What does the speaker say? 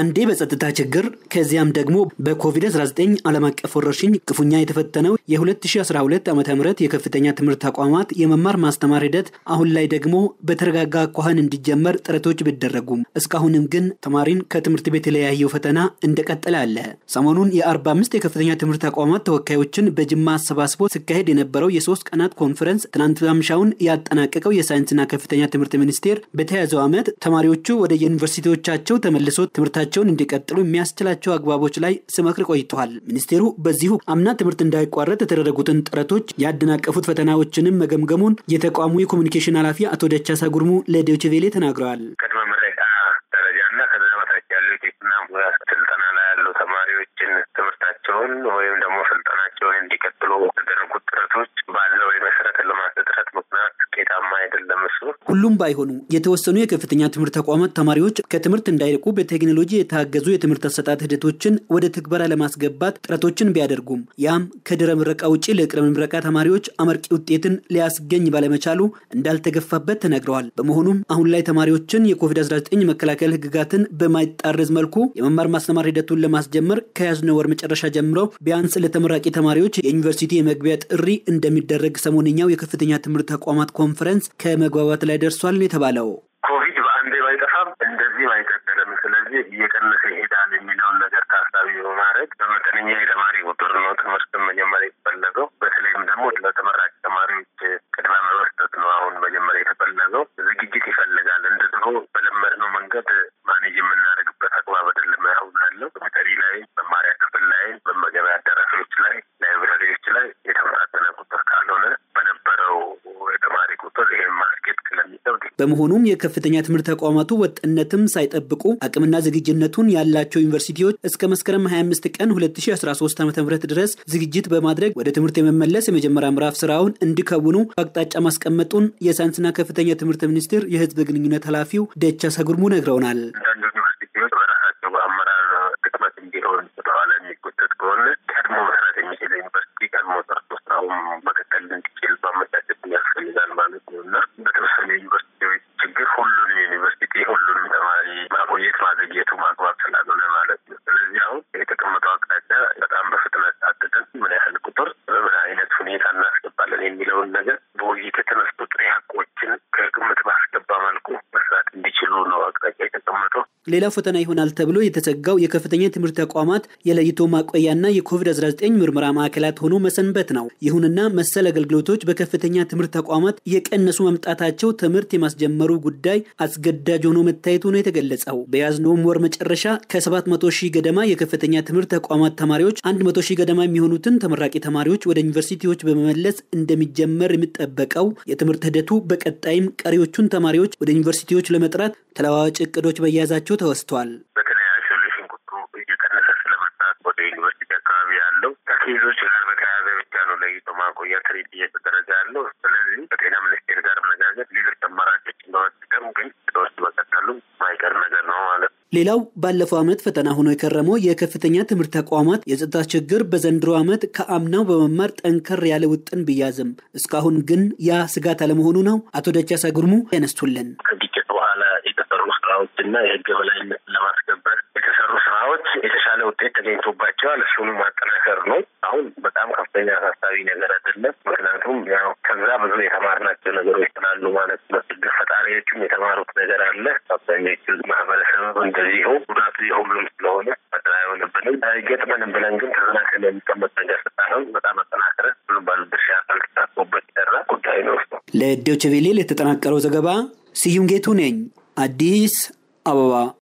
አንዴ በጸጥታ ችግር ከዚያም ደግሞ በኮቪድ-19 ዓለም አቀፍ ወረርሽኝ ክፉኛ የተፈተነው የ2012 ዓ ም የከፍተኛ ትምህርት ተቋማት የመማር ማስተማር ሂደት አሁን ላይ ደግሞ በተረጋጋ አኳኋን እንዲጀመር ጥረቶች ቢደረጉም እስካሁንም ግን ተማሪን ከትምህርት ቤት የተለያየው ፈተና እንደቀጠለ አለ። ሰሞኑን የ45 የከፍተኛ ትምህርት ተቋማት ተወካዮችን በጅማ አሰባስቦ ሲካሄድ የነበረው የሶስት ቀናት ኮንፈረንስ ትናንት ማምሻውን ያጠናቀቀው የሳይንስና ከፍተኛ ትምህርት ሚኒስቴር በተያዘው ዓመት ተማሪዎቹ ወደ ዩኒቨርሲቲዎቻቸው ተመልሶ ትምህርት ጥናታቸውን እንዲቀጥሉ የሚያስችላቸው አግባቦች ላይ ስመክር ቆይተዋል። ሚኒስቴሩ በዚሁ አምና ትምህርት እንዳይቋረጥ የተደረጉትን ጥረቶች ያደናቀፉት ፈተናዎችንም መገምገሙን የተቋሙ የኮሚኒኬሽን ኃላፊ አቶ ደቻሳ ጉርሙ ለዶይቼ ተናግረዋል። ቅድመ ምረቃ ደረጃና ከዛ በታች ያሉ የቴክና ሙያ ስልጠና ላይ ያሉ ተማሪዎችን ትምህርታቸውን ወይም ደግሞ ስልጠናቸውን እንዲቀጥሉ የተደረጉት ጥረቶች ሁሉም ባይሆኑ የተወሰኑ የከፍተኛ ትምህርት ተቋማት ተማሪዎች ከትምህርት እንዳይርቁ በቴክኖሎጂ የታገዙ የትምህርት አሰጣጥ ሂደቶችን ወደ ትግበራ ለማስገባት ጥረቶችን ቢያደርጉም ያም ከድረ ምረቃ ውጪ ለቅድመ ምረቃ ተማሪዎች አመርቂ ውጤትን ሊያስገኝ ባለመቻሉ እንዳልተገፋበት ተነግረዋል። በመሆኑም አሁን ላይ ተማሪዎችን የኮቪድ-19 መከላከል ህግጋትን በማይጣረዝ መልኩ የመማር ማስተማር ሂደቱን ለማስጀመር ከያዝነው ወር መጨረሻ ጀምሮ ቢያንስ ለተመራቂ ተማሪዎች የዩኒቨርሲቲ የመግቢያ ጥሪ እንደሚደረግ ሰሞንኛው የከፍተኛ ትምህርት ተቋማት ኮንፈረንስ ከመግባባት ላይ ላይ ደርሷል ነው የተባለው። ኮቪድ በአንዴ ባይጠፋም እንደዚህ አይቀጥልም። ስለዚህ እየቀነሰ ይሄዳል የሚለውን ነገር ታሳቢ በማድረግ በመጠነኛ የተማሪ ቁጥር ነው ትምህርት መጀመሪያ የተፈለገው። በተለይም ደግሞ ለተመራቂ ተማሪዎች ቅድመ በመስጠት ነው አሁን መጀመሪያ የተፈለገው። ዝግጅት ይፈልጋል። እንደ ድሮ በለመድነው መንገድ በመሆኑም የከፍተኛ ትምህርት ተቋማቱ ወጥነትም ሳይጠብቁ አቅምና ዝግጅነቱን ያላቸው ዩኒቨርሲቲዎች እስከ መስከረም 25 ቀን 2013 ዓ ም ድረስ ዝግጅት በማድረግ ወደ ትምህርት የመመለስ የመጀመሪያ ምዕራፍ ስራውን እንዲከውኑ አቅጣጫ ማስቀመጡን የሳይንስና ከፍተኛ ትምህርት ሚኒስቴር የህዝብ ግንኙነት ኃላፊው ደቻ ሰጉርሙ ነግረውናል። ሌላው ፈተና ይሆናል ተብሎ የተሰጋው የከፍተኛ ትምህርት ተቋማት የለይቶ ማቆያና የኮቪድ-19 ምርመራ ማዕከላት ሆኖ መሰንበት ነው። ይሁንና መሰል አገልግሎቶች በከፍተኛ ትምህርት ተቋማት የቀነሱ መምጣታቸው ትምህርት የማስጀመሩ ጉዳይ አስገዳጅ ሆኖ መታየቱ ነው የተገለጸው። በያዝነውም ወር መጨረሻ ከ700 ሺህ ገደማ የከፍተኛ ትምህርት ተቋማት ተማሪዎች 100 ሺህ ገደማ የሚሆኑትን ተመራቂ ተማሪዎች ወደ ዩኒቨርሲቲዎች በመመለስ እንደሚጀመር የሚጠበቀው የትምህርት ሂደቱ በቀጣይም ቀሪዎቹን ተማሪዎች ወደ ዩኒቨርሲቲዎች ለመጥራት ተለዋዋጭ እቅዶች በያዛቸው መሆናቸው ተወስቷል። በተለይ አይሶሌሽን ቁጥሩ እየቀነሰ ስለመጣት ወደ ዩኒቨርሲቲ አካባቢ ያለው ከኬዞች ጋር በተያያዘ ብቻ ነው ለይቶ ማቆያ ትሪት እየተደረገ ያለው። ስለዚህ ከጤና ሚኒስቴር ጋር መነጋገር፣ ሌሎች በመጠቀም ግን መቀጠሉ ማይቀር ነገር ነው ማለት ነው። ሌላው ባለፈው ዓመት ፈተና ሆኖ የከረመው የከፍተኛ ትምህርት ተቋማት የጸጥታ ችግር በዘንድሮ ዓመት ከአምናው በመማር ጠንከር ያለ ውጥን ብያዝም እስካሁን ግን ያ ስጋት አለመሆኑ ነው አቶ ደቻሳ ጉርሙ ያነሱልን። እና የህግ የበላይነት ለማስከበር የተሰሩ ስራዎች የተሻለ ውጤት ተገኝቶባቸዋል። እሱንም ማጠናከር ነው። አሁን በጣም ከፍተኛ አሳሳቢ ነገር አይደለም። ምክንያቱም ያው ከዛ ብዙ የተማርናቸው ነገሮች ስላሉ ማለት ነው። ችግር ፈጣሪዎችም የተማሩት ነገር አለ። አብዛኞቹ ማህበረሰብ እንደዚሁ ጉዳቱ የሁሉም ስለሆነ ፈጥና የሆንብንም አይገጥመንም ብለን ግን ተዘናከል የሚቀመጥ ነገር ስታሆን በጣም አጠናክረ ብዙ ባለድርሻ አካል ተሳትፎበት ይሰራ ጉዳይ ነው። ለዶይቼ ቬለ የተጠናቀረው ዘገባ ስዩም ጌቱ ነኝ አዲስ 阿波は